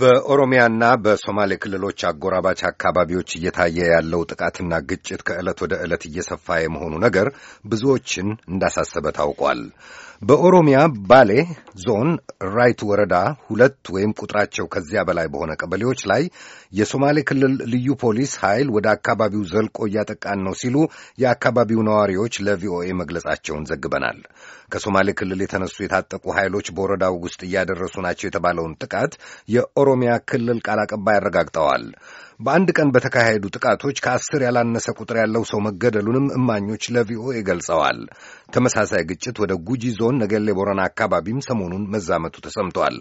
በኦሮሚያና በሶማሌ ክልሎች አጎራባች አካባቢዎች እየታየ ያለው ጥቃትና ግጭት ከዕለት ወደ ዕለት እየሰፋ የመሆኑ ነገር ብዙዎችን እንዳሳሰበ ታውቋል። በኦሮሚያ ባሌ ዞን ራይት ወረዳ ሁለት ወይም ቁጥራቸው ከዚያ በላይ በሆነ ቀበሌዎች ላይ የሶማሌ ክልል ልዩ ፖሊስ ኃይል ወደ አካባቢው ዘልቆ እያጠቃን ነው ሲሉ የአካባቢው ነዋሪዎች ለቪኦኤ መግለጻቸውን ዘግበናል። ከሶማሌ ክልል የተነሱ የታጠቁ ኃይሎች በወረዳው ውስጥ እያደረሱ ናቸው የተባለውን ጥቃት የኦሮሚያ ክልል ቃል አቀባይ አረጋግጠዋል። በአንድ ቀን በተካሄዱ ጥቃቶች ከአስር ያላነሰ ቁጥር ያለው ሰው መገደሉንም እማኞች ለቪኦኤ ገልጸዋል። ተመሳሳይ ግጭት ወደ ጉጂ ዞን ነገሌ ቦረና አካባቢም ሰሞኑን መዛመቱ ተሰምቷል።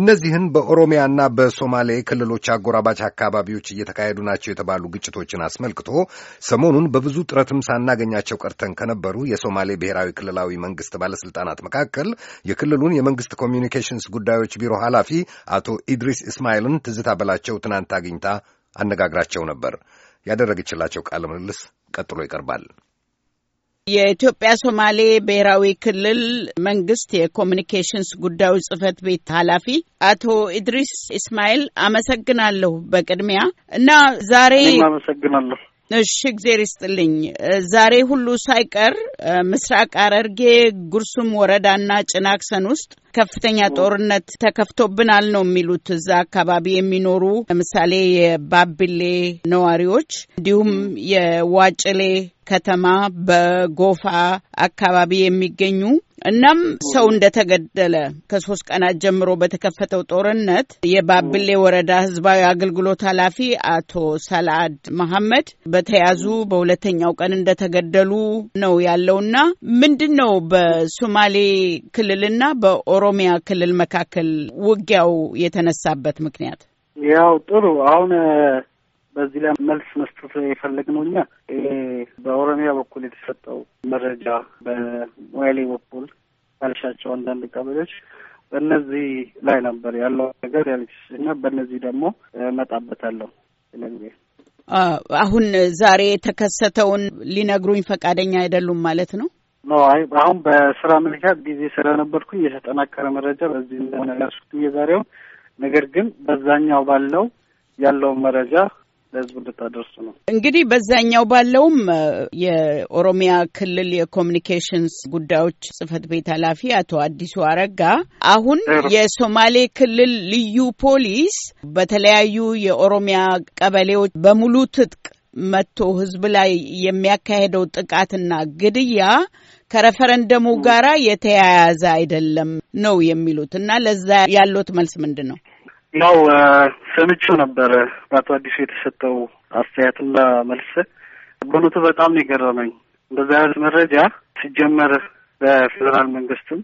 እነዚህን በኦሮሚያና በሶማሌ ክልሎች አጎራባች አካባቢዎች እየተካሄዱ ናቸው የተባሉ ግጭቶችን አስመልክቶ ሰሞኑን በብዙ ጥረትም ሳናገኛቸው ቀርተን ከነበሩ የሶማሌ ብሔራዊ ክልላዊ መንግስት ባለስልጣናት መካከል የክልሉን የመንግስት ኮሚዩኒኬሽንስ ጉዳዮች ቢሮ ኃላፊ አቶ ኢድሪስ እስማኤልን ትዝታ በላቸው ትናንት አግኝታ አነጋግራቸው ነበር። ያደረገችላቸው ቃለ ምልልስ ቀጥሎ ይቀርባል። የኢትዮጵያ ሶማሌ ብሔራዊ ክልል መንግስት የኮሚኒኬሽንስ ጉዳዮች ጽህፈት ቤት ኃላፊ አቶ ኢድሪስ ኢስማኤል አመሰግናለሁ። በቅድሚያ እና ዛሬ አመሰግናለሁ። እሺ፣ እግዜር ይስጥልኝ። ዛሬ ሁሉ ሳይቀር ምስራቅ ሐረርጌ ጉርሱም ወረዳና ጭናክሰን ውስጥ ከፍተኛ ጦርነት ተከፍቶብናል ነው የሚሉት እዛ አካባቢ የሚኖሩ ለምሳሌ የባቢሌ ነዋሪዎች፣ እንዲሁም የዋጭሌ ከተማ በጎፋ አካባቢ የሚገኙ እናም ሰው እንደተገደለ ከሶስት ቀናት ጀምሮ በተከፈተው ጦርነት የባብሌ ወረዳ ህዝባዊ አገልግሎት ኃላፊ አቶ ሰላአድ መሐመድ በተያዙ በሁለተኛው ቀን እንደተገደሉ ነው ያለውና ምንድን ነው በሶማሌ ክልልና በኦሮሚያ ክልል መካከል ውጊያው የተነሳበት ምክንያት? ያው ጥሩ አሁን በዚህ ላይ መልስ መስጠት የፈለግነው እኛ በኦሮሚያ በኩል የተሰጠው መረጃ በሞያሌ በኩል ያልሻቸው አንዳንድ ቀበሌዎች በእነዚህ ላይ ነበር ያለው ነገር ያልሽ እና በእነዚህ ደግሞ እመጣበታለሁ ስለዚህ አሁን ዛሬ የተከሰተውን ሊነግሩኝ ፈቃደኛ አይደሉም ማለት ነው። ኖ አይ አሁን በስራ ምክንያት ጊዜ ስለነበርኩኝ የተጠናከረ መረጃ በዚህ እንደሆነ የዛሬው ነገር ግን በዛኛው ባለው ያለውን መረጃ ለህዝቡ እንድታደርሱ ነው። እንግዲህ በዛኛው ባለውም የኦሮሚያ ክልል የኮሚኒኬሽንስ ጉዳዮች ጽህፈት ቤት ኃላፊ አቶ አዲሱ አረጋ አሁን የሶማሌ ክልል ልዩ ፖሊስ በተለያዩ የኦሮሚያ ቀበሌዎች በሙሉ ትጥቅ መጥቶ ህዝብ ላይ የሚያካሄደው ጥቃትና ግድያ ከረፈረንደሙ ጋራ የተያያዘ አይደለም ነው የሚሉት እና ለዛ ያሉት መልስ ምንድን ነው? ያው ሰምቼው ነበር በአቶ አዲሱ የተሰጠው አስተያየትና መልስ። በእውነቱ በጣም ነው የገረመኝ። እንደዚህ አይነት መረጃ ሲጀመር በፌዴራል መንግስትም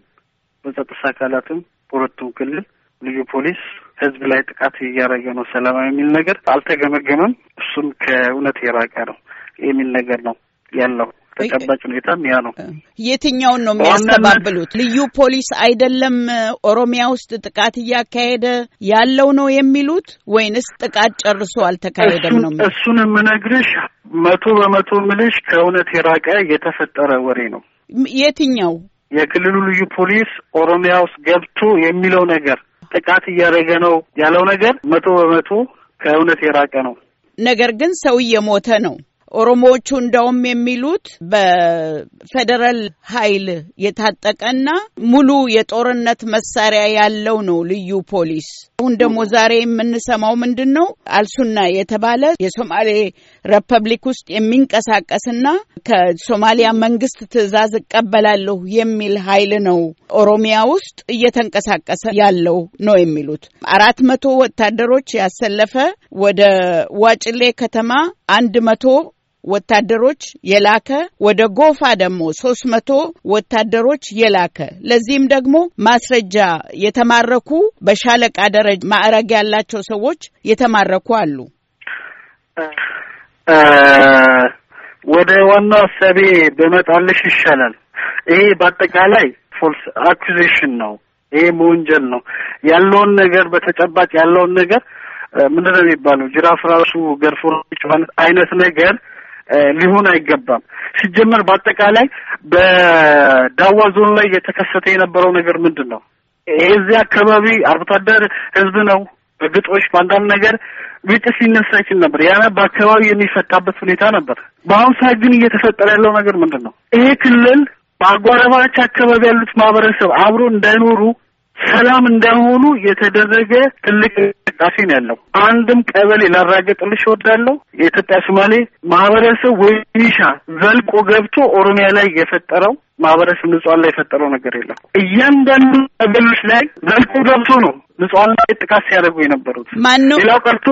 በጸጥታ አካላትም በሁለቱም ክልል ልዩ ፖሊስ ህዝብ ላይ ጥቃት እያደረገ ነው ሰላማዊ የሚል ነገር አልተገመገመም። እሱም ከእውነት የራቀ ነው የሚል ነገር ነው ያለው። ተጨባጭ ሁኔታም ያ ነው። የትኛውን ነው የሚያስተባብሉት? ልዩ ፖሊስ አይደለም ኦሮሚያ ውስጥ ጥቃት እያካሄደ ያለው ነው የሚሉት ወይንስ ጥቃት ጨርሶ አልተካሄደም ነው? እሱን የምነግርሽ መቶ በመቶ ምልሽ ከእውነት የራቀ የተፈጠረ ወሬ ነው። የትኛው የክልሉ ልዩ ፖሊስ ኦሮሚያ ውስጥ ገብቶ የሚለው ነገር ጥቃት እያደረገ ነው ያለው ነገር መቶ በመቶ ከእውነት የራቀ ነው። ነገር ግን ሰው እየሞተ ነው። ኦሮሞዎቹ እንደውም የሚሉት በፌዴራል ኃይል የታጠቀና ሙሉ የጦርነት መሳሪያ ያለው ነው ልዩ ፖሊስ። አሁን ደግሞ ዛሬ የምንሰማው ምንድን ነው? አልሱና የተባለ የሶማሌ ሪፐብሊክ ውስጥ የሚንቀሳቀስና ከሶማሊያ መንግስት ትዕዛዝ እቀበላለሁ የሚል ኃይል ነው ኦሮሚያ ውስጥ እየተንቀሳቀሰ ያለው ነው የሚሉት። አራት መቶ ወታደሮች ያሰለፈ ወደ ዋጭሌ ከተማ አንድ መቶ ወታደሮች የላከ ወደ ጎፋ ደግሞ ሶስት መቶ ወታደሮች የላከ ለዚህም ደግሞ ማስረጃ የተማረኩ በሻለቃ ደረጃ ማዕረግ ያላቸው ሰዎች የተማረኩ አሉ። ወደ ዋናው ሀሳቤ በመጣልሽ ይሻላል። ይሄ በአጠቃላይ ፎልስ አኩዜሽን ነው። ይሄ መወንጀል ነው። ያለውን ነገር በተጨባጭ ያለውን ነገር ምንድነው የሚባለው? ጅራፍ ራሱ ገርፎ አይነት ነገር ሊሆን አይገባም። ሲጀመር በአጠቃላይ በዳዋ ዞን ላይ የተከሰተ የነበረው ነገር ምንድን ነው? የዚህ አካባቢ አርብቶ አደር ህዝብ ነው። በግጦሽ በአንዳንድ ነገር ግጭት ሊነሳ ይችል ነበር። ያ በአካባቢ የሚፈታበት ሁኔታ ነበር። በአሁኑ ሰዓት ግን እየተፈጠረ ያለው ነገር ምንድን ነው? ይሄ ክልል በአጓረባች አካባቢ ያሉት ማህበረሰብ አብሮ እንዳይኖሩ ሰላም እንዳይሆኑ የተደረገ ትልቅ እንቅስቃሴ ነው ያለው። አንድም ቀበሌ ላራገጥልሽ እወዳለሁ። የኢትዮጵያ ሶማሌ ማህበረሰብ ወይሻ ዘልቆ ገብቶ ኦሮሚያ ላይ የፈጠረው ማህበረሰብ ንጹሃን ላይ የፈጠረው ነገር የለም። እያንዳንዱ ቀበሌዎች ላይ ዘልቆ ገብቶ ነው ንጹሃን ላይ ጥቃት ሲያደርጉ የነበሩት። ማነው ሌላው ቀርቶ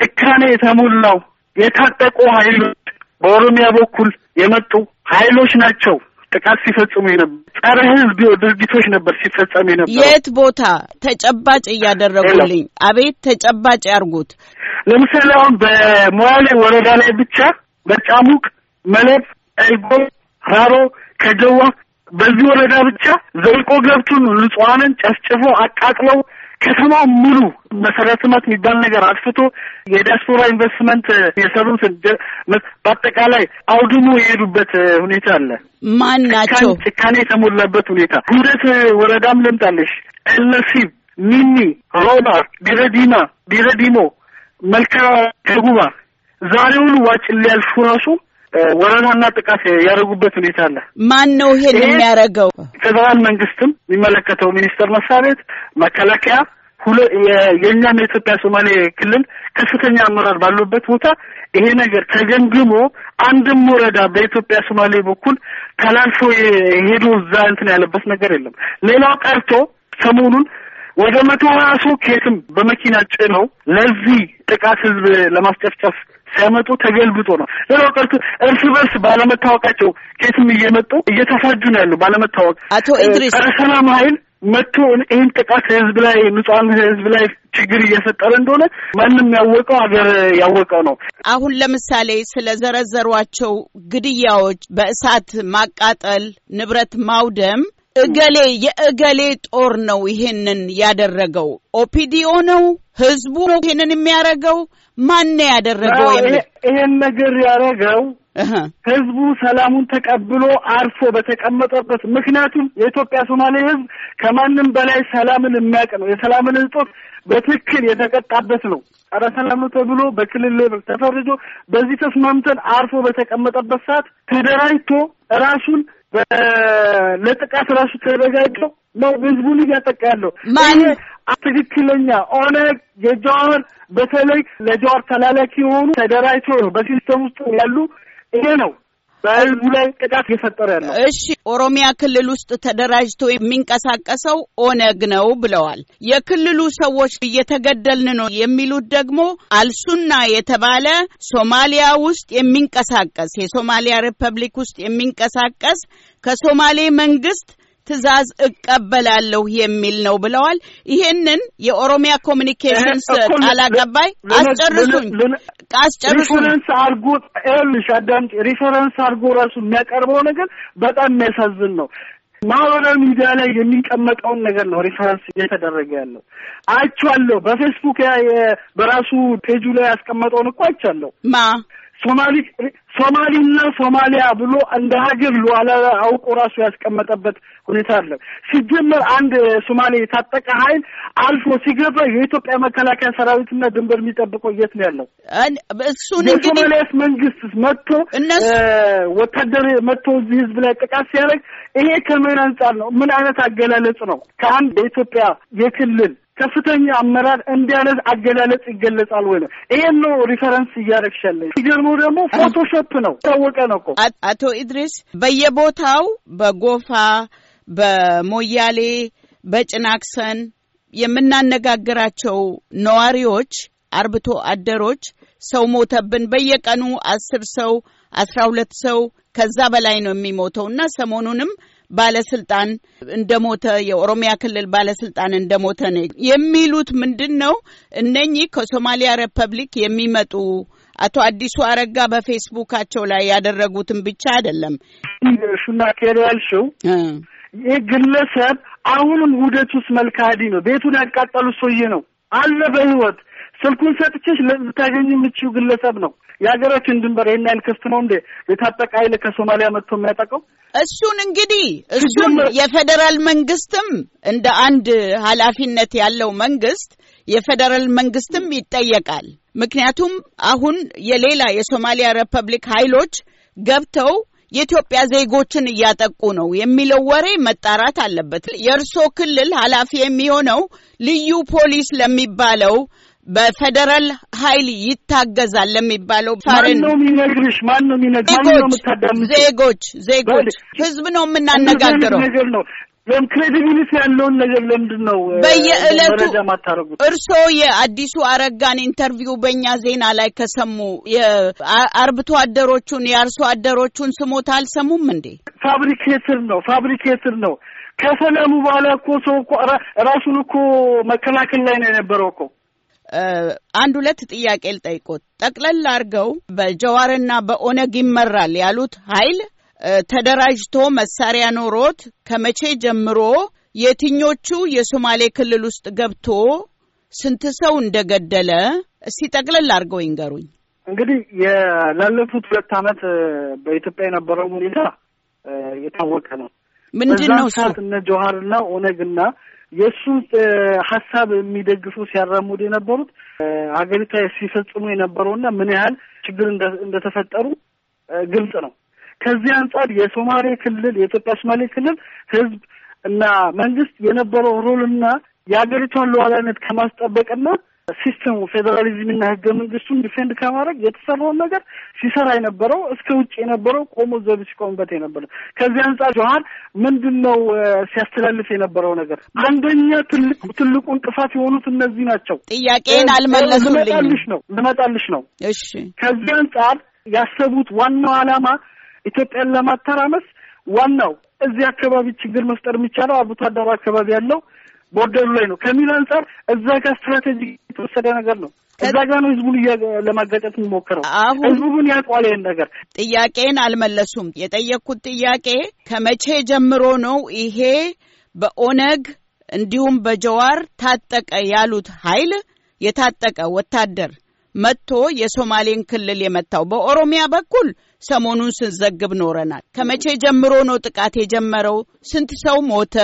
ጭካኔ የተሞላው የታጠቁ ኃይሎች በኦሮሚያ በኩል የመጡ ኃይሎች ናቸው ጥቃት ሲፈጽሙ የነበር ጸረ ህዝብ ድርጊቶች ነበር ሲፈጸም የነበር። የት ቦታ ተጨባጭ እያደረጉልኝ፣ አቤት ተጨባጭ ያርጉት። ለምሳሌ አሁን በሞያሌ ወረዳ ላይ ብቻ በጫሙቅ መለብ፣ ኤልጎ፣ ራሮ፣ ከጀዋ በዚህ ወረዳ ብቻ ዘልቆ ገብቱን ንጹሐንን ጨፍጭፎ አቃጥለው ከተማው ሙሉ መሰረተ ልማት የሚባል ነገር አጥፍቶ የዲያስፖራ ኢንቨስትመንት የሰሩት በአጠቃላይ አውድሞ የሄዱበት ሁኔታ አለ። ማን ናቸው? ጭካኔ የተሞላበት ሁኔታ ጉደት ወረዳም ለምጣለሽ ኤልነሲብ፣ ሚኒ፣ ሮማ፣ ቢረዲማ፣ ቢረዲሞ፣ መልካ፣ ከጉባ ዛሬውን ዋጭ ሊያልፉ ራሱ ወረራና ጥቃት ያደረጉበት ሁኔታ አለ። ማን ነው ይሄን የሚያደርገው? ፌዴራል መንግስትም የሚመለከተው ሚኒስቴር መስሪያ ቤት፣ መከላከያ የእኛም የኢትዮጵያ ሶማሌ ክልል ከፍተኛ አመራር ባሉበት ቦታ ይሄ ነገር ተገምግሞ አንድም ወረዳ በኢትዮጵያ ሶማሌ በኩል ተላልፎ ሄዶ እዛ እንትን ያለበት ነገር የለም። ሌላው ቀርቶ ሰሞኑን ወደ መቶ ሀያ ሰው ኬትም በመኪና ጭነው ለዚህ ጥቃት ህዝብ ለማስጨፍጨፍ ሲያመጡ ተገልብጦ ነው። ሌላው ቀርቶ እርስ በርስ ባለመታወቃቸው ኬትም እየመጡ እየተሳጁ ነው ያሉ ባለመታወቅ። አቶ ኢድሪስ ሰላም ሀይል መጥቶ ይህን ጥቃት ህዝብ ላይ ንጹሐን ህዝብ ላይ ችግር እየፈጠረ እንደሆነ ማንም ያወቀው ሀገር ያወቀው ነው። አሁን ለምሳሌ ስለ ዘረዘሯቸው ግድያዎች፣ በእሳት ማቃጠል፣ ንብረት ማውደም እገሌ የእገሌ ጦር ነው ይሄንን ያደረገው፣ ኦፒዲዮ ነው፣ ህዝቡ ነው ይሄንን የሚያደርገው ማን ያደረገው? ይሄን ነገር ያደረገው ህዝቡ ሰላሙን ተቀብሎ አርፎ በተቀመጠበት። ምክንያቱም የኢትዮጵያ ሶማሌ ህዝብ ከማንም በላይ ሰላምን የሚያውቅ ነው። የሰላምን እጦት በትክክል የተቀጣበት ነው። ጸረ ሰላም ነው ተብሎ በክልል ሌቭል ተፈርጆ በዚህ ተስማምተን አርፎ በተቀመጠበት ሰዓት ተደራጅቶ ራሱን ለጥቃት ራሱ ተዘጋጀው ነው ህዝቡን እያጠቃ ያለው ትክክለኛ ኦነግ የጀዋር በተለይ ለጀዋር ተላላኪ የሆኑ ተደራጅቶ በሲስተም ውስጥ ያሉ ይሄ ነው በህዝቡ ላይ ቅዳት የፈጠረ ያለው። እሺ ኦሮሚያ ክልል ውስጥ ተደራጅቶ የሚንቀሳቀሰው ኦነግ ነው ብለዋል። የክልሉ ሰዎች እየተገደልን ነው የሚሉት ደግሞ አልሱና የተባለ ሶማሊያ ውስጥ የሚንቀሳቀስ የሶማሊያ ሪፐብሊክ ውስጥ የሚንቀሳቀስ ከሶማሌ መንግስት ትዕዛዝ እቀበላለሁ የሚል ነው ብለዋል። ይሄንን የኦሮሚያ ኮሚኒኬሽንስ ቃል አቀባይ አስጨርሱኝ ሪፈረንስ አድርጎ ይኸውልሽ፣ አዳምጪ። ሪፈረንስ አድርጎ ራሱ የሚያቀርበው ነገር በጣም የሚያሳዝን ነው። ማህበራዊ ሚዲያ ላይ የሚቀመጠውን ነገር ነው ሪፈረንስ እየተደረገ ያለው። አይቻለሁ፣ በፌስቡክ በራሱ ፔጁ ላይ ያስቀመጠውን እኮ አይቻለሁ ማ ሶማሊ ሶማሊና ሶማሊያ ብሎ እንደ ሀገር ሉዓላ አውቆ ራሱ ያስቀመጠበት ሁኔታ አለ። ሲጀመር አንድ ሶማሌ የታጠቀ ኃይል አልፎ ሲገባ የኢትዮጵያ መከላከያ ሰራዊትና ድንበር የሚጠብቀው የት ነው ያለው? እሱን የሶማሊያስ መንግስት መጥቶ ወታደር መጥቶ እዚህ ህዝብ ላይ ጥቃት ሲያደርግ ይሄ ከምን አንጻር ነው? ምን አይነት አገላለጽ ነው? ከአንድ የኢትዮጵያ የክልል ከፍተኛ አመራር እንዲህ አይነት አገላለጽ ይገለጻል ወይ ነው? ይሄን ነው ሪፈረንስ እያደረግሻለ። ሲገርመው ደግሞ ፎቶሾፕ ነው ታወቀ ነው እኮ አቶ ኢድሪስ በየቦታው በጎፋ በሞያሌ በጭናክሰን የምናነጋግራቸው ነዋሪዎች፣ አርብቶ አደሮች ሰው ሞተብን፣ በየቀኑ አስር ሰው አስራ ሁለት ሰው ከዛ በላይ ነው የሚሞተው እና ሰሞኑንም ባለስልጣን እንደሞተ የኦሮሚያ ክልል ባለስልጣን እንደሞተ ነው የሚሉት። ምንድን ነው እነኚህ ከሶማሊያ ሪፐብሊክ የሚመጡ አቶ አዲሱ አረጋ በፌስቡካቸው ላይ ያደረጉትን ብቻ አይደለም። ሹና ኬር ያልሽው ይህ ግለሰብ አሁንም ውደት ውስጥ መልካዲ ነው። ቤቱን ያቃጠሉ ሰውዬ ነው አለ በህይወት ስልኩን ሰጥቼሽ ልታገኝ የምችው ግለሰብ ነው። የሀገራችን ድንበር ይህን ያህል ክፍት ነው እንዴ? የታጠቀ ኃይል ከሶማሊያ መጥቶ የሚያጠቀው እሱን እንግዲህ እሱን የፌዴራል መንግስትም እንደ አንድ ኃላፊነት ያለው መንግስት የፌዴራል መንግስትም ይጠየቃል። ምክንያቱም አሁን የሌላ የሶማሊያ ሪፐብሊክ ኃይሎች ገብተው የኢትዮጵያ ዜጎችን እያጠቁ ነው የሚለው ወሬ መጣራት አለበት። የእርሶ ክልል ኃላፊ የሚሆነው ልዩ ፖሊስ ለሚባለው በፌደራል ኃይል ይታገዛል ለሚባለው ሳሬን ነው የሚነግርሽ። ማን ነው የሚነግርሽ? ዜጎች ዜጎች ህዝብ ነው የምናነጋግረው ነገር ነው። ለም ክሬዲቢሊቲ ያለውን ነገር ለምንድን ነው በየእለቱ እርስዎ የአዲሱ አረጋን ኢንተርቪው በእኛ ዜና ላይ ከሰሙ የአርብቶ አደሮቹን የአርሶ አደሮቹን ስሞታ አልሰሙም እንዴ? ፋብሪኬትር ነው ፋብሪኬትር ነው። ከሰላሙ በኋላ እኮ ሰው እኮ ራሱን እኮ መከላከል ላይ ነው የነበረው እኮ አንድ ሁለት ጥያቄ ልጠይቆት። ጠቅለል አድርገው በጀዋርና በኦነግ ይመራል ያሉት ኃይል ተደራጅቶ መሳሪያ ኖሮት ከመቼ ጀምሮ የትኞቹ የሶማሌ ክልል ውስጥ ገብቶ ስንት ሰው እንደገደለ እስቲ ጠቅለል አድርገው ይንገሩኝ። እንግዲህ የላለፉት ሁለት ዓመት በኢትዮጵያ የነበረው ሁኔታ የታወቀ ነው። ምንድን ነው ሰዓት እነ ኦነግና የእሱን ሀሳብ የሚደግፉ ሲያራሙድ የነበሩት ሀገሪቷ ሲፈጽሙ የነበረውና ምን ያህል ችግር እንደተፈጠሩ ግልጽ ነው። ከዚህ አንጻር የሶማሌ ክልል የኢትዮጵያ ሶማሌ ክልል ህዝብ እና መንግስት የነበረው ሮልና የሀገሪቷን ሉዓላዊነት ከማስጠበቅና ሲስተሙ ፌዴራሊዝምና ህገ መንግስቱን ዲፌንድ ከማድረግ የተሰራውን ነገር ሲሰራ የነበረው እስከ ውጭ የነበረው ቆሞ ዘብ ሲቆምበት የነበረ ከዚህ አንጻር ጆሀን ምንድን ነው ሲያስተላልፍ የነበረው ነገር አንደኛ ትልቅ ትልቁ እንቅፋት የሆኑት እነዚህ ናቸው። ጥያቄን አልመለሱልኝ። ነው ልመጣልሽ ነው። እሺ ከዚህ አንጻር ያሰቡት ዋናው አላማ ኢትዮጵያን ለማተራመስ ዋናው እዚህ አካባቢ ችግር መፍጠር የሚቻለው አርብቶ አደሩ አካባቢ ያለው ቦርደሩ ላይ ነው ከሚል አንጻር እዛ ጋር ስትራቴጂ የተወሰደ ነገር ነው። እዛ ጋር ነው ህዝቡን ለማጋጨት የሚሞክረው። ህዝቡ ግን ያውቋል ይህን ነገር። ጥያቄን አልመለሱም። የጠየቅኩት ጥያቄ ከመቼ ጀምሮ ነው ይሄ በኦነግ እንዲሁም በጀዋር ታጠቀ ያሉት ኃይል የታጠቀ ወታደር መጥቶ የሶማሌን ክልል የመታው? በኦሮሚያ በኩል ሰሞኑን ስንዘግብ ኖረናል። ከመቼ ጀምሮ ነው ጥቃት የጀመረው? ስንት ሰው ሞተ?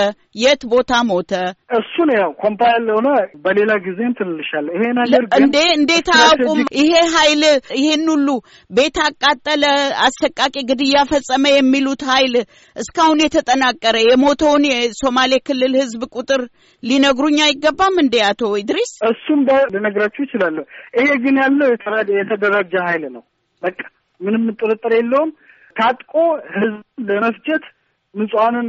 የት ቦታ ሞተ? እሱን ያው ኮምፓይል ሆነ በሌላ ጊዜም ትልልሻለ። ይሄ ነገር እንዴ እንዴት አቁም ይሄ ኃይል ይሄን ሁሉ ቤት አቃጠለ፣ አሰቃቂ ግድያ ፈጸመ የሚሉት ኃይል እስካሁን የተጠናቀረ የሞተውን የሶማሌ ክልል ህዝብ ቁጥር ሊነግሩኝ አይገባም እንዴ አቶ ኢድሪስ? እሱም ልነግራችሁ ይችላለሁ። ይሄ ግን ያለው የተደራጀ ኃይል ነው በቃ ምንም ጥርጥር የለውም። ታጥቆ ህዝብ ለመፍጀት ምጽዋንን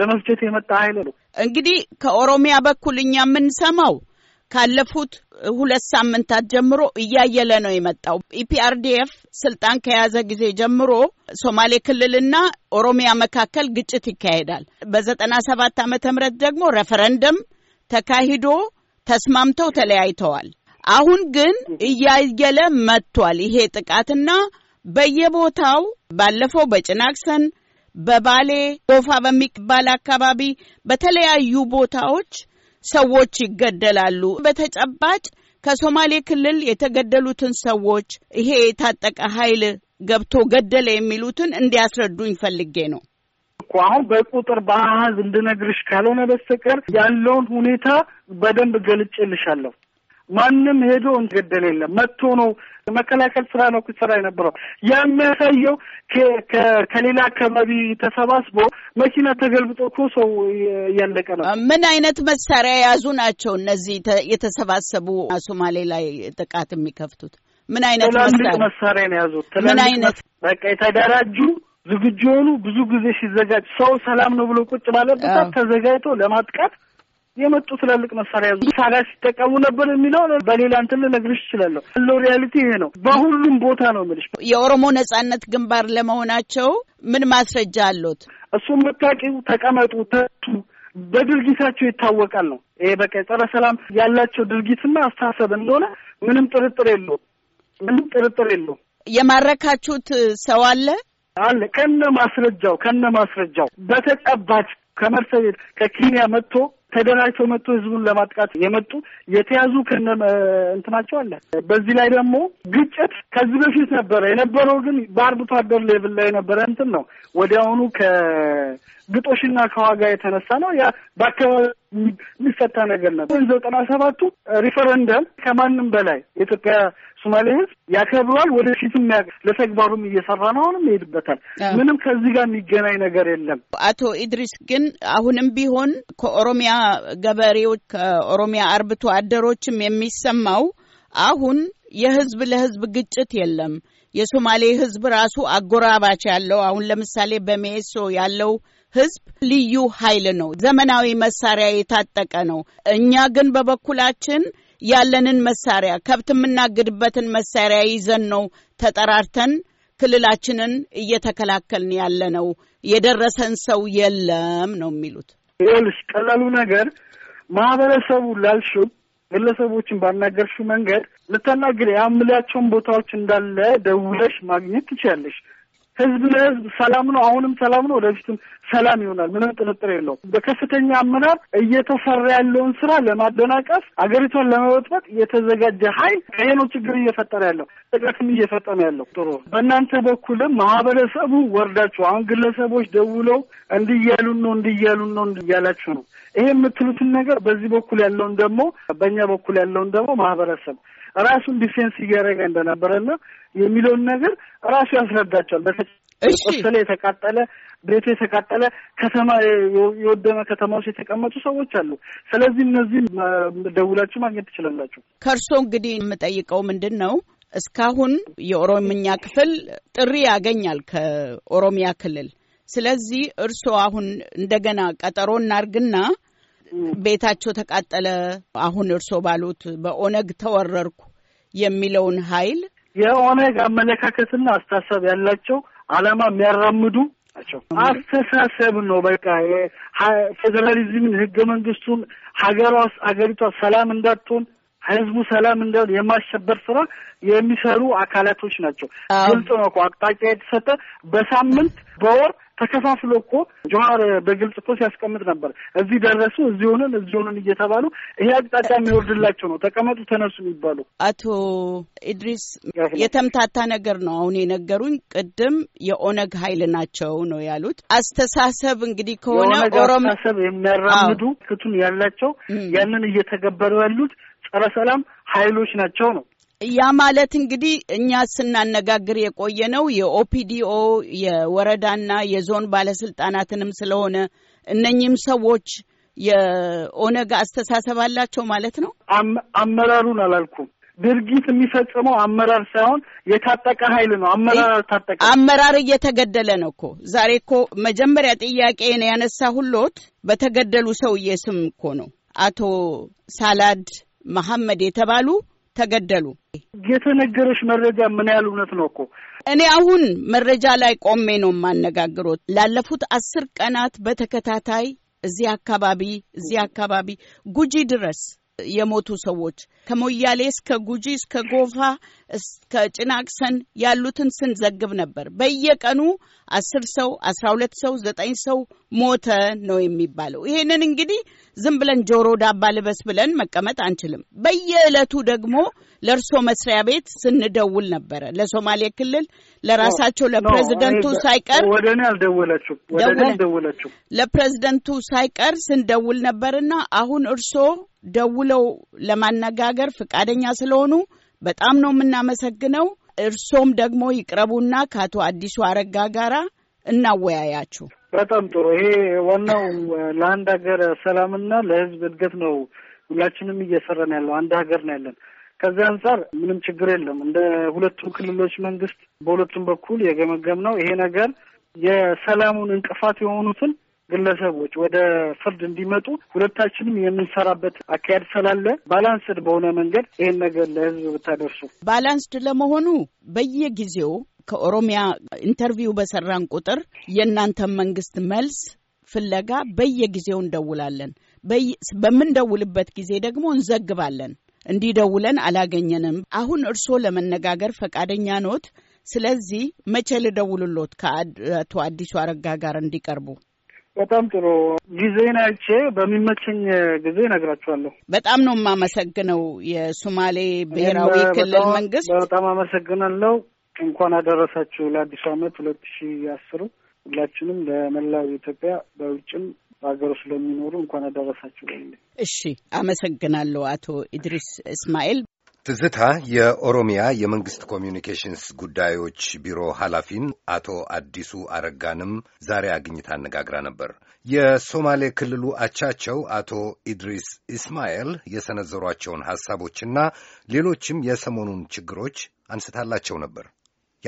ለመፍጀት የመጣ ኃይል ነው። እንግዲህ ከኦሮሚያ በኩል እኛ የምንሰማው ካለፉት ሁለት ሳምንታት ጀምሮ እያየለ ነው የመጣው። ኢፒአርዲኤፍ ስልጣን ከያዘ ጊዜ ጀምሮ ሶማሌ ክልልና ኦሮሚያ መካከል ግጭት ይካሄዳል። በዘጠና ሰባት ዓመተ ምህረት ደግሞ ሬፈረንደም ተካሂዶ ተስማምተው ተለያይተዋል። አሁን ግን እያየለ መጥቷል ይሄ ጥቃትና በየቦታው ባለፈው በጭናክሰን በባሌ ጎፋ በሚባል አካባቢ በተለያዩ ቦታዎች ሰዎች ይገደላሉ። በተጨባጭ ከሶማሌ ክልል የተገደሉትን ሰዎች ይሄ የታጠቀ ኃይል ገብቶ ገደለ የሚሉትን እንዲያስረዱኝ ፈልጌ ነው እኮ አሁን በቁጥር በአሃዝ እንድነግርሽ ካልሆነ በስተቀር ያለውን ሁኔታ በደንብ ገልጬልሻለሁ። ማንም ሄዶ ገደለ የለም። መጥቶ ነው መከላከል ስራ ነው ስራ የነበረው የሚያሳየው ከሌላ አካባቢ ተሰባስቦ መኪና ተገልብጦ እኮ ሰው እያለቀ ነው። ምን አይነት መሳሪያ የያዙ ናቸው እነዚህ የተሰባሰቡ ሶማሌ ላይ ጥቃት የሚከፍቱት? ምን አይነት ትላልቅ መሳሪያ ነው የያዙት? ምን አይነት በቃ የተደራጁ ዝግጁ የሆኑ ብዙ ጊዜ ሲዘጋጅ ሰው ሰላም ነው ብሎ ቁጭ ባለበት ተዘጋጅቶ ለማጥቃት የመጡ ትላልቅ መሳሪያ ሳጋ ሲጠቀሙ ነበር የሚለውን በሌላ እንትን ልነግርሽ እችላለሁ። ያለው ሪያሊቲ ይሄ ነው። በሁሉም ቦታ ነው የምልሽ። የኦሮሞ ነጻነት ግንባር ለመሆናቸው ምን ማስረጃ አሉት? እሱም መታቂው ተቀመጡ ተቱ በድርጊታቸው ይታወቃል ነው። ይሄ በቃ ጸረ ሰላም ያላቸው ድርጊትና አስተሳሰብ እንደሆነ ምንም ጥርጥር የለውም። ምንም ጥርጥር የለውም። የማረካችሁት ሰው አለ አለ ከነ ማስረጃው ከነ ማስረጃው በተጨባጭ ከመርሰቤት ከኬንያ መጥቶ ተደራጅተው መጡ ህዝቡን ለማጥቃት የመጡ የተያዙ ከነ እንትናቸው አለ። በዚህ ላይ ደግሞ ግጭት ከዚህ በፊት ነበረ የነበረው ግን በአርብቶ አደር ሌቭል ላይ የነበረ እንትን ነው። ወዲያውኑ ከግጦሽና ከዋጋ የተነሳ ነው። ያ በአካባቢ የሚፈታ ነገር ነበር። ዘጠና ሰባቱ ሪፈረንደም ከማንም በላይ የኢትዮጵያ ሶማሌ ህዝብ ያከብሯል። ወደፊትም ለተግባሩም እየሰራ ነው። አሁንም ይሄድበታል። ምንም ከዚህ ጋር የሚገናኝ ነገር የለም። አቶ ኢድሪስ ግን አሁንም ቢሆን ከኦሮሚያ ገበሬዎች ከኦሮሚያ አርብቶ አደሮችም የሚሰማው አሁን የህዝብ ለህዝብ ግጭት የለም። የሶማሌ ህዝብ ራሱ አጎራባች ያለው አሁን ለምሳሌ በሜሶ ያለው ህዝብ ልዩ ኃይል ነው፣ ዘመናዊ መሳሪያ የታጠቀ ነው። እኛ ግን በበኩላችን ያለንን መሳሪያ ከብት የምናግድበትን መሳሪያ ይዘን ነው ተጠራርተን ክልላችንን እየተከላከልን ያለ ነው። የደረሰን ሰው የለም ነው የሚሉት። ይኸውልሽ ቀላሉ ነገር ማህበረሰቡ ላልሽው ግለሰቦችን ባናገርሽው መንገድ ልታናግር ያምላቸውን ቦታዎች እንዳለ ደውለሽ ማግኘት ትችላለሽ። ህዝብ ለህዝብ ሰላም ነው። አሁንም ሰላም ነው፣ ወደፊትም ሰላም ይሆናል። ምንም ጥርጥር የለውም። በከፍተኛ አመራር እየተሰራ ያለውን ስራ ለማደናቀፍ አገሪቷን ለመበጥበጥ የተዘጋጀ ሀይል ይሄ ነው ችግር እየፈጠረ ያለው ጥቀትም እየፈጠነ ያለው። ጥሩ በእናንተ በኩልም ማህበረሰቡ ወርዳችሁ አሁን ግለሰቦች ደውለው እንዲያሉን ነው እንዲያሉን ነው እያላችሁ ነው ይሄ የምትሉትን ነገር በዚህ በኩል ያለውን ደግሞ በእኛ በኩል ያለውን ደግሞ ማህበረሰብ ራሱን ዲፌንስ እያደረገ እንደነበረና የሚለውን ነገር ራሱ ያስረዳቸዋል። በቆሰለ የተቃጠለ ቤቱ የተቃጠለ ከተማ የወደመ ውስጥ የተቀመጡ ሰዎች አሉ። ስለዚህ እነዚህ ደውላችሁ ማግኘት ትችላላችሁ። ከእርሶ እንግዲህ የምጠይቀው ምንድን ነው እስካሁን የኦሮምኛ ክፍል ጥሪ ያገኛል ከኦሮሚያ ክልል። ስለዚህ እርስዎ አሁን እንደገና ቀጠሮ እናርግና ቤታቸው ተቃጠለ፣ አሁን እርስዎ ባሉት በኦነግ ተወረርኩ የሚለውን ኃይል የኦነግ አመለካከትና አስተሳሰብ ያላቸው ዓላማ የሚያራምዱ ናቸው። አስተሳሰብ ነው። በቃ ፌዴራሊዝምን፣ ህገ መንግስቱን ሀገሯ አገሪቷ ሰላም እንዳትሆን ህዝቡ ሰላም እንዳይሆን የማሸበር ስራ የሚሰሩ አካላቶች ናቸው። ግልጽ ነው እኮ አቅጣጫ የተሰጠ በሳምንት በወር ተከፋፍሎ እኮ ጀዋር በግልጽ እኮ ሲያስቀምጥ ነበር። እዚህ ደረሱ፣ እዚህ ሆንን፣ እዚህ ሆንን እየተባሉ ይሄ አቅጣጫ የሚወርድላቸው ነው። ተቀመጡ፣ ተነሱ የሚባሉ አቶ ኢድሪስ የተምታታ ነገር ነው አሁን የነገሩኝ። ቅድም የኦነግ ኃይል ናቸው ነው ያሉት። አስተሳሰብ እንግዲህ ከሆነ ኦሮሞ አስተሳሰብ የሚያራምዱ ክቱን ያላቸው ያንን እየተገበሩ ያሉት ጸረ ሰላም ኃይሎች ናቸው ነው ያ ማለት እንግዲህ እኛ ስናነጋግር የቆየ ነው የኦፒዲኦ የወረዳና የዞን ባለስልጣናትንም ስለሆነ እነኚህም ሰዎች የኦነግ አስተሳሰብ አላቸው ማለት ነው። አመራሩን አላልኩም። ድርጊት የሚፈጽመው አመራር ሳይሆን የታጠቀ ኃይል ነው። አመራር አልታጠቀ አመራር እየተገደለ ነው እኮ ዛሬ እኮ መጀመሪያ ጥያቄን ያነሳ ሁሎት በተገደሉ ሰውዬ ስም እኮ ነው አቶ ሳላድ መሐመድ የተባሉ ተገደሉ። የተነገረች መረጃ ምን ያህል እውነት ነው እኮ እኔ አሁን መረጃ ላይ ቆሜ ነው የማነጋግሮት። ላለፉት አስር ቀናት በተከታታይ እዚህ አካባቢ እዚህ አካባቢ ጉጂ ድረስ የሞቱ ሰዎች ከሞያሌ እስከ ጉጂ እስከ ጎፋ እስከ ጭናቅሰን ያሉትን ስንዘግብ ነበር። በየቀኑ አስር ሰው አስራ ሁለት ሰው ዘጠኝ ሰው ሞተ ነው የሚባለው። ይሄንን እንግዲህ ዝም ብለን ጆሮ ዳባ ልበስ ብለን መቀመጥ አንችልም። በየዕለቱ ደግሞ ለእርሶ መስሪያ ቤት ስንደውል ነበረ፣ ለሶማሌ ክልል ለራሳቸው ለፕሬዚደንቱ ሳይቀር ወደ እኔ ለፕሬዚደንቱ ሳይቀር ስንደውል ነበርና አሁን እርሶ ደውለው ለማነጋገር ፈቃደኛ ስለሆኑ በጣም ነው የምናመሰግነው። እርሶም ደግሞ ይቅረቡና ከአቶ አዲሱ አረጋ ጋራ እናወያያችሁ። በጣም ጥሩ። ይሄ ዋናው ለአንድ ሀገር ሰላምና ለህዝብ እድገት ነው ሁላችንም እየሰራን ያለው አንድ ሀገር ነው ያለን። ከዚህ አንጻር ምንም ችግር የለም። እንደ ሁለቱም ክልሎች መንግስት በሁለቱም በኩል የገመገም ነው ይሄ ነገር የሰላሙን እንቅፋት የሆኑትን ግለሰቦች ወደ ፍርድ እንዲመጡ ሁለታችንም የምንሰራበት አካሄድ ስላለ ባላንስድ በሆነ መንገድ ይሄን ነገር ለህዝብ ብታደርሱ ባላንስድ ለመሆኑ በየጊዜው ከኦሮሚያ ኢንተርቪው በሰራን ቁጥር የእናንተን መንግስት መልስ ፍለጋ በየጊዜው እንደውላለን። በምንደውልበት ጊዜ ደግሞ እንዘግባለን። እንዲደውለን አላገኘንም። አሁን እርስዎ ለመነጋገር ፈቃደኛ ኖት? ስለዚህ መቼ ልደውልሎት ከአቶ አዲሱ አረጋ ጋር እንዲቀርቡ? በጣም ጥሩ ጊዜን አይቼ በሚመቸኝ ጊዜ እነግራችኋለሁ። በጣም ነው የማመሰግነው። የሶማሌ ብሔራዊ ክልል መንግስት በጣም አመሰግናለሁ። እንኳን አደረሳችሁ ለአዲሱ ዓመት ሁለት ሺ አስሩ ሁላችንም ለመላው ኢትዮጵያ በውጭም በሀገር ውስጥ ለሚኖሩ እንኳን አደረሳችሁ። እሺ፣ አመሰግናለሁ አቶ ኢድሪስ እስማኤል። ትዝታ የኦሮሚያ የመንግስት ኮሚኒኬሽንስ ጉዳዮች ቢሮ ኃላፊን አቶ አዲሱ አረጋንም ዛሬ አግኝታ አነጋግራ ነበር። የሶማሌ ክልሉ አቻቸው አቶ ኢድሪስ ኢስማኤል የሰነዘሯቸውን ሐሳቦችና ሌሎችም የሰሞኑን ችግሮች አንስታላቸው ነበር።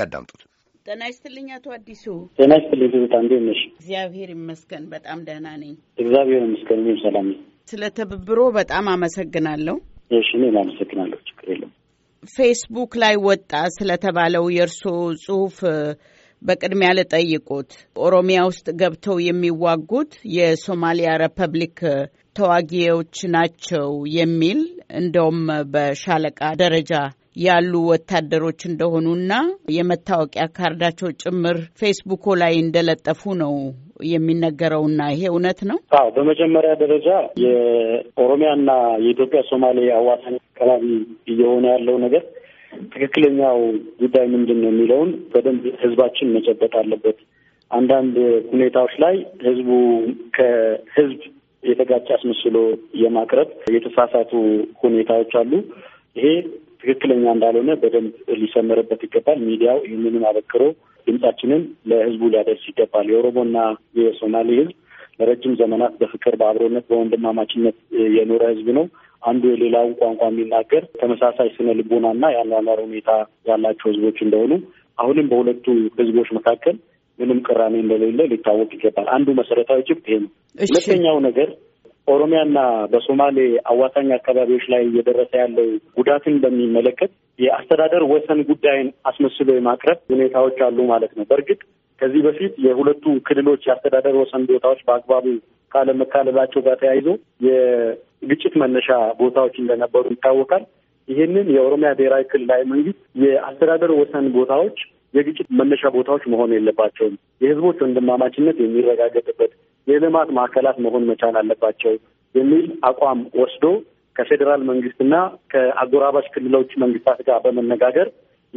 ያዳምጡት። ጤና ይስጥልኝ አቶ አዲሱ። ጤና ይስጥልኝ ትዝታ፣ እንዴት ነሽ? እግዚአብሔር ይመስገን በጣም ደህና ነኝ። እግዚአብሔር ይመስገን ሰላም ነኝ። ስለ ትብብሮ በጣም አመሰግናለሁ። እሺ እኔም አመሰግናለሁ። ፌስቡክ ላይ ወጣ ስለተባለው የእርስዎ ጽሁፍ በቅድሚያ ልጠይቁት። ኦሮሚያ ውስጥ ገብተው የሚዋጉት የሶማሊያ ሪፐብሊክ ተዋጊዎች ናቸው የሚል እንደውም በሻለቃ ደረጃ ያሉ ወታደሮች እንደሆኑና የመታወቂያ ካርዳቸው ጭምር ፌስቡኮ ላይ እንደለጠፉ ነው የሚነገረውና ይሄ እውነት ነው? አዎ፣ በመጀመሪያ ደረጃ የኦሮሚያና የኢትዮጵያ ሶማሌ አዋሳኝ አካባቢ እየሆነ ያለው ነገር ትክክለኛው ጉዳይ ምንድን ነው የሚለውን በደንብ ህዝባችን መጨበጥ አለበት። አንዳንድ ሁኔታዎች ላይ ህዝቡ ከህዝብ የተጋጨ አስመስሎ የማቅረብ የተሳሳቱ ሁኔታዎች አሉ። ይሄ ትክክለኛ እንዳልሆነ በደንብ ሊሰመርበት ይገባል። ሚዲያው ይህንንም አበክሮ ድምጻችንን ለህዝቡ ሊያደርስ ይገባል። የኦሮሞና የሶማሌ ህዝብ ለረጅም ዘመናት በፍቅር በአብሮነት፣ በወንድማማችነት የኖረ ህዝብ ነው። አንዱ የሌላውን ቋንቋ የሚናገር ተመሳሳይ ስነ ልቦናና የአኗኗር ሁኔታ ያላቸው ህዝቦች እንደሆኑ አሁንም በሁለቱ ህዝቦች መካከል ምንም ቅራኔ እንደሌለ ሊታወቅ ይገባል። አንዱ መሰረታዊ ጭብጥ ይሄ ነው። ሁለተኛው ነገር ና በሶማሌ አዋሳኝ አካባቢዎች ላይ እየደረሰ ያለው ጉዳትን በሚመለከት የአስተዳደር ወሰን ጉዳይን አስመስሎ የማቅረብ ሁኔታዎች አሉ ማለት ነው። በእርግጥ ከዚህ በፊት የሁለቱ ክልሎች የአስተዳደር ወሰን ቦታዎች በአግባቡ ካለመካለላቸው ጋር ተያይዞ የግጭት መነሻ ቦታዎች እንደነበሩ ይታወቃል። ይህንን የኦሮሚያ ብሔራዊ ክልላዊ መንግስት የአስተዳደር ወሰን ቦታዎች የግጭት መነሻ ቦታዎች መሆን የለባቸውም። የህዝቦች ወንድማማችነት የሚረጋገጥበት የልማት ማዕከላት መሆን መቻል አለባቸው የሚል አቋም ወስዶ ከፌዴራል መንግስትና ከአጎራባች ክልሎች መንግስታት ጋር በመነጋገር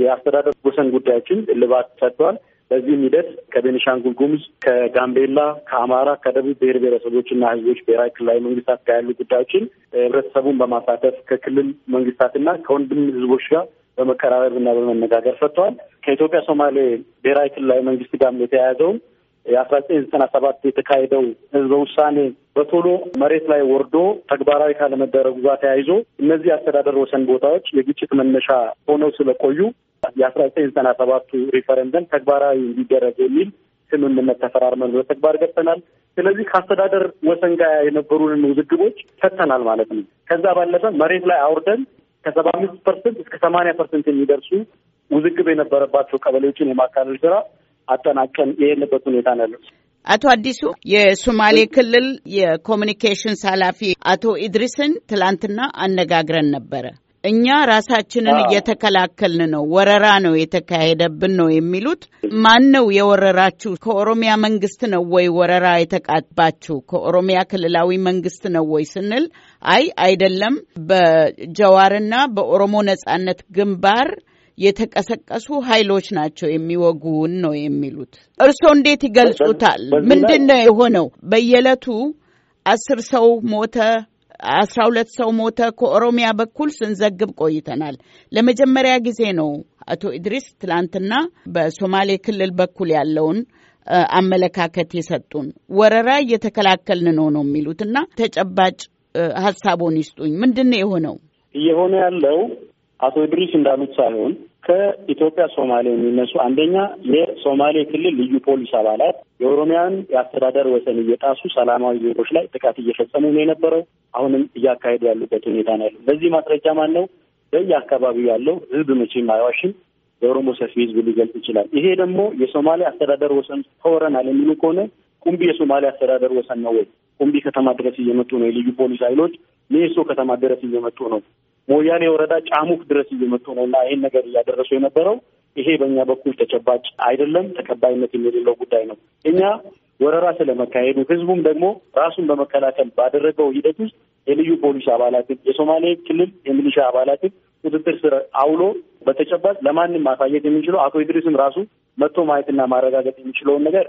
የአስተዳደር ወሰን ጉዳዮችን እልባት ሰጥቷል። በዚህም ሂደት ከቤኒሻንጉል ጉሙዝ፣ ከጋምቤላ፣ ከአማራ፣ ከደቡብ ብሔር ብሔረሰቦችና ህዝቦች ብሔራዊ ክልላዊ መንግስታት ጋር ያሉ ጉዳዮችን ህብረተሰቡን በማሳተፍ ከክልል መንግስታትና ከወንድም ህዝቦች ጋር በመቀራረብ እና በመነጋገር ፈጥተዋል። ከኢትዮጵያ ሶማሌ ብሔራዊ ክልላዊ መንግስት ጋር የተያያዘውም የአስራ ዘጠኝ ዘጠና ሰባት የተካሄደው ህዝበ ውሳኔ በቶሎ መሬት ላይ ወርዶ ተግባራዊ ካለመደረጉ ጋር ተያይዞ እነዚህ የአስተዳደር ወሰን ቦታዎች የግጭት መነሻ ሆነው ስለቆዩ የአስራ ዘጠኝ ዘጠና ሰባቱ ሪፈረንደም ተግባራዊ እንዲደረግ የሚል ስምምነት ተፈራርመን በተግባር ገብተናል። ስለዚህ ከአስተዳደር ወሰን ጋር የነበሩንን ውዝግቦች ፈተናል ማለት ነው። ከዛ ባለፈ መሬት ላይ አውርደን ከሰባ አምስት ፐርሰንት እስከ ሰማንያ ፐርሰንት የሚደርሱ ውዝግብ የነበረባቸው ቀበሌዎችን የማካለል ስራ አጠናቀን የሄንበት ሁኔታ ነው ያለው። አቶ አዲሱ የሶማሌ ክልል የኮሚኒኬሽንስ ኃላፊ አቶ ኢድሪስን ትላንትና አነጋግረን ነበረ። እኛ ራሳችንን እየተከላከልን ነው፣ ወረራ ነው የተካሄደብን ነው የሚሉት። ማን ነው የወረራችሁ? ከኦሮሚያ መንግስት ነው ወይ ወረራ የተቃባችሁ? ከኦሮሚያ ክልላዊ መንግስት ነው ወይ ስንል አይ አይደለም፣ በጀዋርና በኦሮሞ ነጻነት ግንባር የተቀሰቀሱ ኃይሎች ናቸው የሚወጉውን ነው የሚሉት። እርስዎ እንዴት ይገልጹታል? ምንድን ነው የሆነው? በየዕለቱ አስር ሰው ሞተ፣ አስራ ሁለት ሰው ሞተ። ከኦሮሚያ በኩል ስንዘግብ ቆይተናል። ለመጀመሪያ ጊዜ ነው አቶ ኢድሪስ ትላንትና በሶማሌ ክልል በኩል ያለውን አመለካከት የሰጡን። ወረራ እየተከላከልን ነው ነው የሚሉት እና ተጨባጭ ሀሳቦን ይስጡኝ። ምንድን ነው የሆነው? እየሆነ ያለው አቶ ድሪስ እንዳሉት ሳይሆን ከኢትዮጵያ ሶማሌ የሚነሱ አንደኛ የሶማሌ ክልል ልዩ ፖሊስ አባላት የኦሮሚያን የአስተዳደር ወሰን እየጣሱ ሰላማዊ ዜጎች ላይ ጥቃት እየፈጸሙ ነው የነበረው። አሁንም እያካሄዱ ያሉበት ሁኔታ ነው ያለው። በዚህ ማስረጃ ማን ነው? በየአካባቢው ያለው ህዝብ መቼም አይዋሽም። የኦሮሞ ሰፊ ህዝብ ሊገልጽ ይችላል። ይሄ ደግሞ የሶማሌ አስተዳደር ወሰን ተወረናል የሚሉ ከሆነ ቁምቢ የሶማሌ አስተዳደር ወሰን ነው ወይ? ቁምቢ ከተማ ድረስ እየመጡ ነው የልዩ ፖሊስ ኃይሎች፣ ሜሶ ከተማ ድረስ እየመጡ ነው። ሞያሌ ወረዳ ጫሙክ ድረስ እየመጡ ነው እና ይህን ነገር እያደረሱ የነበረው ይሄ በእኛ በኩል ተጨባጭ አይደለም፣ ተቀባይነት የሌለው ጉዳይ ነው። እኛ ወረራ ስለመካሄዱ ህዝቡም ደግሞ ራሱን በመከላከል ባደረገው ሂደት ውስጥ የልዩ ፖሊስ አባላትን የሶማሌ ክልል የሚሊሻ አባላትን ቁጥጥር ስር አውሎ በተጨባጭ ለማንም ማሳየት የሚችለው አቶ ኢድሪስም ራሱ መጥቶ ማየትና ማረጋገጥ የሚችለውን ነገር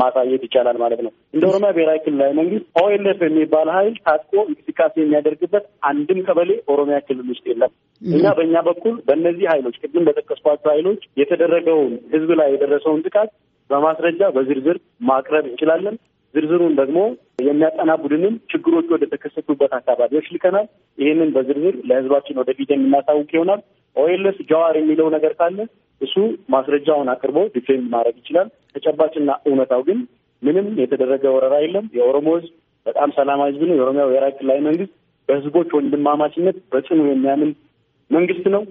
ማሳየት ይቻላል ማለት ነው። እንደ ኦሮሚያ ብሔራዊ ክልላዊ መንግስት ኦኤልኤፍ የሚባል ኃይል ታጥቆ እንቅስቃሴ የሚያደርግበት አንድም ቀበሌ ኦሮሚያ ክልል ውስጥ የለም። እኛ በእኛ በኩል በእነዚህ ኃይሎች ቅድም በጠቀስኳቸው ኃይሎች የተደረገውን ህዝብ ላይ የደረሰውን ጥቃት በማስረጃ በዝርዝር ማቅረብ እንችላለን። ዝርዝሩን ደግሞ የሚያጠና ቡድንም ችግሮች ወደ ተከሰቱበት አካባቢዎች ልከናል። ይህንን በዝርዝር ለህዝባችን ወደፊት የምናሳውቅ ይሆናል። ኦኤልኤፍ ጀዋር የሚለው ነገር ካለ እሱ ማስረጃውን አቅርቦ ዲፌንድ ማድረግ ይችላል። ተጨባጭና እውነታው ግን ምንም የተደረገ ወረራ የለም። የኦሮሞ ህዝብ በጣም ሰላማዊ ህዝብ ነው። የኦሮሚያ ብሔራዊ ክልላዊ መንግስት በህዝቦች ወንድማማችነት በጽኑ የሚያምን መንግስት ነው።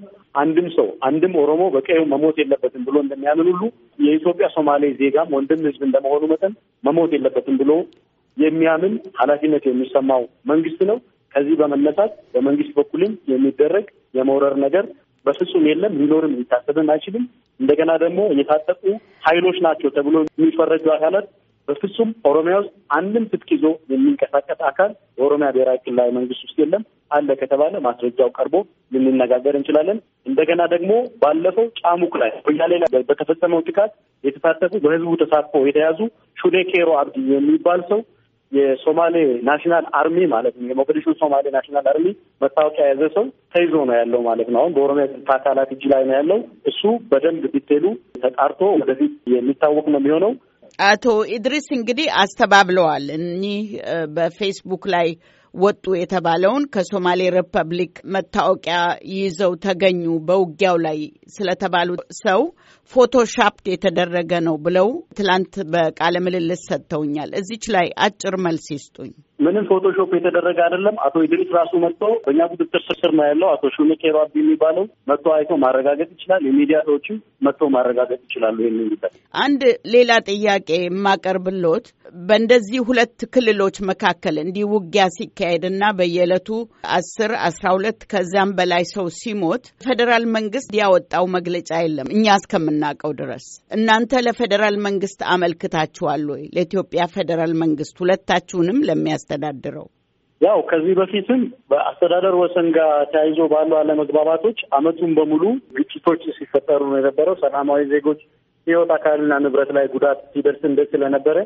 አንድም ሰው አንድም ኦሮሞ በቀዩ መሞት የለበትም ብሎ እንደሚያምን ሁሉ የኢትዮጵያ ሶማሌ ዜጋም ወንድም ህዝብ እንደመሆኑ መጠን መሞት የለበትም ብሎ የሚያምን ኃላፊነት የሚሰማው መንግስት ነው። ከዚህ በመነሳት በመንግስት በኩልም የሚደረግ የመውረር ነገር በፍጹም የለም፣ ሊኖርም ሊታሰብም አይችልም። እንደገና ደግሞ የታጠቁ ኃይሎች ናቸው ተብሎ የሚፈረጁ አካላት በፍጹም ኦሮሚያ ውስጥ አንድም ትጥቅ ይዞ የሚንቀሳቀስ አካል በኦሮሚያ ብሔራዊ ክልላዊ መንግስት ውስጥ የለም። አለ ከተባለ ማስረጃው ቀርቦ ልንነጋገር እንችላለን። እንደገና ደግሞ ባለፈው ጫሙቅ ላይ ወያሌ ላይ በተፈጸመው ጥቃት የተሳተፉ በህዝቡ ተሳትፎ የተያዙ ሹዴ ኬሮ አብዲ የሚባል ሰው የሶማሌ ናሽናል አርሚ ማለት ነው የሞቃዲሾ ሶማሌ ናሽናል አርሚ መታወቂያ የያዘ ሰው ተይዞ ነው ያለው ማለት ነው። አሁን በኦሮሚያ ጸጥታ አካላት እጅ ላይ ነው ያለው። እሱ በደንብ ቢቴሉ ተጣርቶ ወደፊት የሚታወቅ ነው የሚሆነው። አቶ ኢድሪስ እንግዲህ አስተባብለዋል። እኒህ በፌስቡክ ላይ ወጡ የተባለውን ከሶማሌ ሪፐብሊክ መታወቂያ ይዘው ተገኙ በውጊያው ላይ ስለተባሉ ሰው ፎቶሻፕ የተደረገ ነው ብለው ትላንት በቃለ ምልልስ ሰጥተውኛል። እዚች ላይ አጭር መልስ ይስጡኝ። ምንም ፎቶሾፕ የተደረገ አይደለም። አቶ ኢድሪስ ራሱ መጥቶ በእኛ ቁጥጥር ስር ነው ያለው። አቶ ሹሜ ኬሯቢ የሚባለው መጥቶ አይቶ ማረጋገጥ ይችላል። የሚዲያ ሰዎችም መጥቶ ማረጋገጥ ይችላሉ። ይህንን አንድ ሌላ ጥያቄ የማቀርብሎት በእንደዚህ ሁለት ክልሎች መካከል እንዲህ ውጊያ ሲካሄድና በየዕለቱ አስር አስራ ሁለት ከዚያም በላይ ሰው ሲሞት ፌዴራል መንግስት ያወጣው መግለጫ የለም እኛ እስከምናውቀው ድረስ እናንተ ለፌዴራል መንግስት አመልክታችኋል ወይ? ለኢትዮጵያ ፌዴራል መንግስት ሁለታችሁንም ለሚያስ የሚያስተዳድረው? ያው ከዚህ በፊትም በአስተዳደር ወሰን ጋር ተያይዞ ባሉ አለመግባባቶች አመቱን በሙሉ ግጭቶች ሲፈጠሩ ነው የነበረው። ሰላማዊ ዜጎች ህይወት፣ አካልና ንብረት ላይ ጉዳት ሲደርስ እንደ ስለነበረ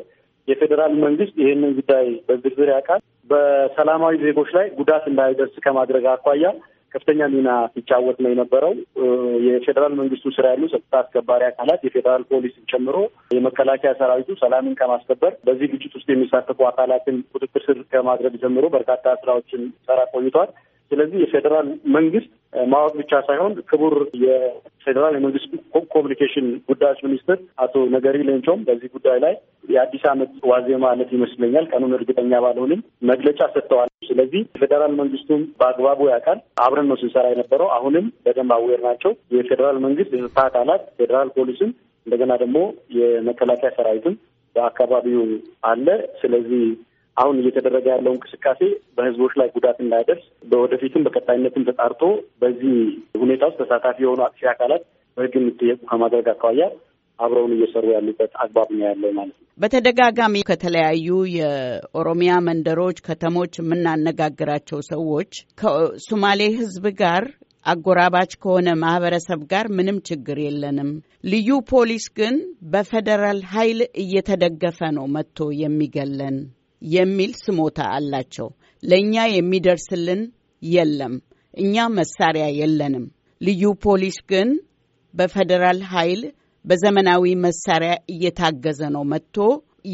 የፌዴራል መንግስት ይህንን ጉዳይ በዝርዝር ያውቃል። በሰላማዊ ዜጎች ላይ ጉዳት እንዳይደርስ ከማድረግ አኳያ ከፍተኛ ሚና ሲጫወት ነው የነበረው። የፌዴራል መንግስቱ ስራ ያሉ ጸጥታ አስከባሪ አካላት የፌዴራል ፖሊስን ጨምሮ የመከላከያ ሰራዊቱ ሰላምን ከማስከበር በዚህ ግጭት ውስጥ የሚሳተፉ አካላትን ቁጥጥር ስር ከማድረግ ጀምሮ በርካታ ስራዎችን ሰራ ቆይቷል። ስለዚህ የፌዴራል መንግስት ማወቅ ብቻ ሳይሆን ክቡር የፌዴራል የመንግስት ኮሚኒኬሽን ጉዳዮች ሚኒስትር አቶ ነገሪ ሌንጮም በዚህ ጉዳይ ላይ የአዲስ ዓመት ዋዜማ ዕለት ይመስለኛል፣ ቀኑን እርግጠኛ ባልሆንም መግለጫ ሰጥተዋል። ስለዚህ ፌዴራል መንግስቱም በአግባቡ ያውቃል። አብረን ነው ስንሰራ የነበረው። አሁንም በደንብ አዌር ናቸው። የፌዴራል መንግስት የጸጥታ አካላት ፌዴራል ፖሊስም እንደገና ደግሞ የመከላከያ ሰራዊትም በአካባቢው አለ። ስለዚህ አሁን እየተደረገ ያለው እንቅስቃሴ በህዝቦች ላይ ጉዳት እንዳይደርስ በወደፊትም በቀጣይነትም ተጣርቶ በዚህ ሁኔታ ውስጥ ተሳታፊ የሆኑ አጥፊ አካላት በህግ የሚጠየቁ ከማድረግ አኳያ አብረውን እየሰሩ ያሉበት አግባብ ነው ያለው ማለት ነው። በተደጋጋሚ ከተለያዩ የኦሮሚያ መንደሮች፣ ከተሞች የምናነጋግራቸው ሰዎች ከሶማሌ ህዝብ ጋር አጎራባች ከሆነ ማህበረሰብ ጋር ምንም ችግር የለንም፣ ልዩ ፖሊስ ግን በፌደራል ኃይል እየተደገፈ ነው መጥቶ የሚገለን የሚል ስሞታ አላቸው። ለእኛ የሚደርስልን የለም። እኛ መሳሪያ የለንም። ልዩ ፖሊስ ግን በፌዴራል ኃይል በዘመናዊ መሳሪያ እየታገዘ ነው መጥቶ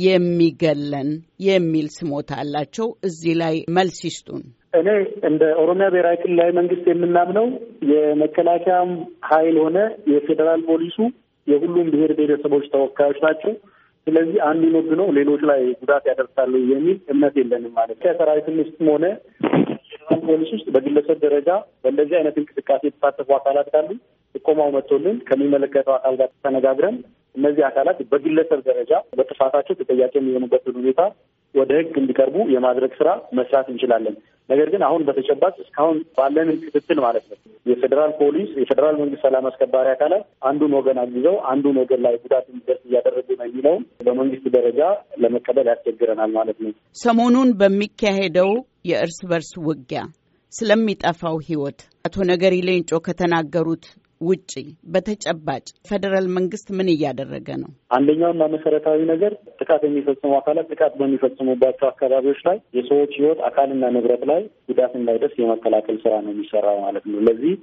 የሚገለን የሚል ስሞታ አላቸው። እዚህ ላይ መልስ ይስጡን። እኔ እንደ ኦሮሚያ ብሔራዊ ክልላዊ መንግስት የምናምነው የመከላከያም ኃይል ሆነ የፌዴራል ፖሊሱ የሁሉም ብሔር ብሔረሰቦች ተወካዮች ናቸው። ስለዚህ አንዱን ነው ሌሎች ላይ ጉዳት ያደርሳሉ የሚል እምነት የለንም ማለት ከሰራዊትም ውስጥም ሆነ ፖሊስ ውስጥ በግለሰብ ደረጃ በእንደዚህ አይነት እንቅስቃሴ የተሳተፉ አካላት ካሉ ጥቆማው መጥቶልን ከሚመለከተው አካል ጋር ተነጋግረን እነዚህ አካላት በግለሰብ ደረጃ በጥፋታቸው ተጠያቂ የሚሆኑበትን ሁኔታ ወደ ሕግ እንዲቀርቡ የማድረግ ስራ መስራት እንችላለን። ነገር ግን አሁን በተጨባጭ እስካሁን ባለንን ክትትል ማለት ነው የፌዴራል ፖሊስ የፌዴራል መንግስት ሰላም አስከባሪ አካላት አንዱን ወገን አግዘው አንዱን ወገን ላይ ጉዳት እንዲደርስ እያደረጉ ነው የሚለውን በመንግስት ደረጃ ለመቀበል ያስቸግረናል ማለት ነው። ሰሞኑን በሚካሄደው የእርስ በርስ ውጊያ፣ ስለሚጠፋው ህይወት አቶ ነገሪ ሌንጮ ከተናገሩት ውጪ በተጨባጭ ፌዴራል መንግስት ምን እያደረገ ነው? አንደኛውና መሰረታዊ ነገር ጥቃት የሚፈጽሙ አካላት ጥቃት በሚፈጽሙባቸው አካባቢዎች ላይ የሰዎች ህይወት አካልና ንብረት ላይ ጉዳት እንዳይደርስ የመከላከል ስራ ነው የሚሰራው ማለት ነው። ለዚህ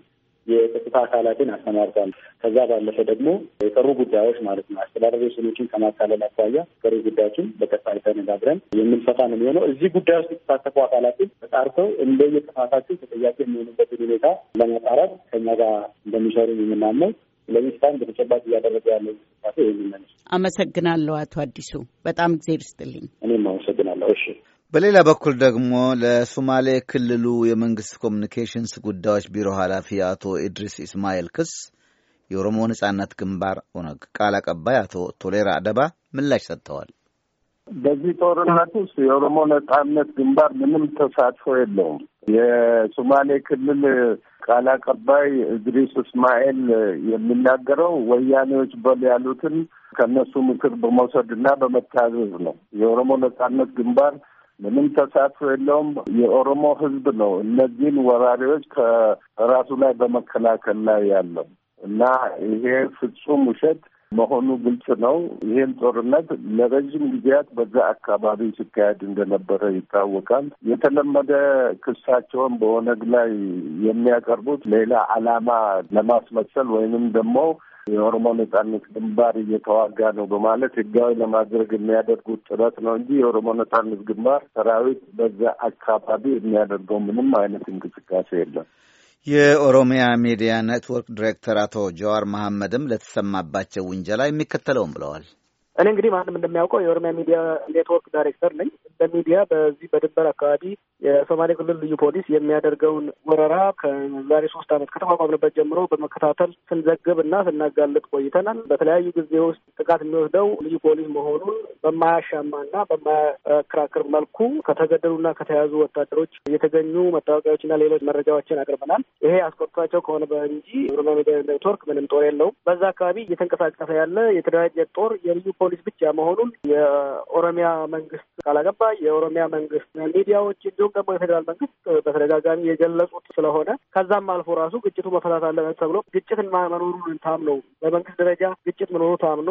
የጸጥታ አካላትን አሰማርቷል። ከዛ ባለፈ ደግሞ የቀሩ ጉዳዮች ማለት ነው አስተዳደር ስኖችን ከማካለል አኳያ ቀሪ ጉዳዮችን በቀጣይ ተነጋግረን የምንፈታ ነው የሚሆነው። እዚህ ጉዳይ ውስጥ የተሳተፉ አካላትን ተጣርተው እንደ የጥፋታችን ተጠያቂ የሚሆኑበትን ሁኔታ ለማጣራት ከኛ ጋር እንደሚሰሩ የምናምነው። ለሚስታን በተጨባጭ እያደረገ ያለው እንቅስቃሴ ይህን አመሰግናለሁ። አቶ አዲሱ በጣም እግዜር ይስጥልኝ። እኔም አመሰግናለሁ። እሺ በሌላ በኩል ደግሞ ለሶማሌ ክልሉ የመንግስት ኮሚኒኬሽንስ ጉዳዮች ቢሮ ኃላፊ አቶ ኢድሪስ ኢስማኤል ክስ የኦሮሞ ነጻነት ግንባር ኦነግ ቃል አቀባይ አቶ ቶሌራ አደባ ምላሽ ሰጥተዋል። በዚህ ጦርነት ውስጥ የኦሮሞ ነጻነት ግንባር ምንም ተሳትፎ የለውም። የሶማሌ ክልል ቃል አቀባይ እድሪስ እስማኤል የሚናገረው ወያኔዎች በል ያሉትን ከእነሱ ምክር በመውሰድ እና በመታዘዝ ነው። የኦሮሞ ነጻነት ግንባር ምንም ተሳትፎ የለውም። የኦሮሞ ህዝብ ነው እነዚህን ወራሪዎች ከራሱ ላይ በመከላከል ላይ ያለው እና ይሄ ፍጹም ውሸት መሆኑ ግልጽ ነው። ይህን ጦርነት ለረዥም ጊዜያት በዛ አካባቢ ሲካሄድ እንደነበረ ይታወቃል። የተለመደ ክሳቸውን በኦነግ ላይ የሚያቀርቡት ሌላ ዓላማ ለማስመሰል ወይንም ደግሞ የኦሮሞ ነጻነት ግንባር እየተዋጋ ነው በማለት ህጋዊ ለማድረግ የሚያደርጉት ጥረት ነው እንጂ የኦሮሞ ነጻነት ግንባር ሰራዊት በዛ አካባቢ የሚያደርገው ምንም አይነት እንቅስቃሴ የለም። የኦሮሚያ ሚዲያ ኔትወርክ ዲሬክተር አቶ ጀዋር መሐመድም ለተሰማባቸው ውንጀላ የሚከተለውም ብለዋል። እኔ እንግዲህ ማንም እንደሚያውቀው የኦሮሚያ ሚዲያ ኔትወርክ ዳይሬክተር ነኝ። በሚዲያ በዚህ በድንበር አካባቢ የሶማሌ ክልል ልዩ ፖሊስ የሚያደርገውን ወረራ ከዛሬ ሶስት ዓመት ከተቋቋምንበት ጀምሮ በመከታተል ስንዘግብ እና ስናጋልጥ ቆይተናል። በተለያዩ ጊዜ ውስጥ ጥቃት የሚወስደው ልዩ ፖሊስ መሆኑን በማያሻማ እና በማያከራክር መልኩ ከተገደሉና ከተያዙ ወታደሮች የተገኙ መታወቂያዎችና ሌሎች መረጃዎችን አቅርበናል። ይሄ አስቆጥቷቸው ከሆነ በእንጂ ኦሮሚያ ሚዲያ ኔትወርክ ምንም ጦር የለውም። በዛ አካባቢ እየተንቀሳቀሰ ያለ የተደራጀ ጦር የልዩ ፖሊስ ብቻ መሆኑን የኦሮሚያ መንግስት ቃል አቀባይ፣ የኦሮሚያ መንግስት ሚዲያዎች እንዲሁም እሱን ደግሞ የፌዴራል መንግስት በተደጋጋሚ የገለጹት ስለሆነ ከዛም አልፎ ራሱ ግጭቱ መፈታት አለበት ተብሎ ግጭት መኖሩን ታምነው በመንግስት ደረጃ ግጭት መኖሩ ታምኖ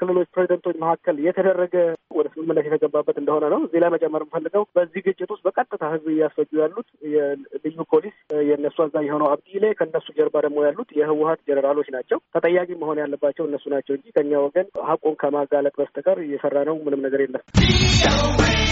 ክልሎች ፕሬዚደንቶች መካከል የተደረገ ወደ ስምምነት የተገባበት እንደሆነ ነው። እዚህ ላይ መጨመር የምፈልገው በዚህ ግጭት ውስጥ በቀጥታ ህዝብ እያስፈጁ ያሉት የልዩ ፖሊስ የእነሱ አዛዥ የሆነው ላይ ከእነሱ ጀርባ ደግሞ ያሉት የህወሀት ጀኔራሎች ናቸው። ተጠያቂ መሆን ያለባቸው እነሱ ናቸው እንጂ ከኛ ወገን ሀቁን ከማጋለጥ በስተቀር እየሰራ ነው ምንም ነገር የለም።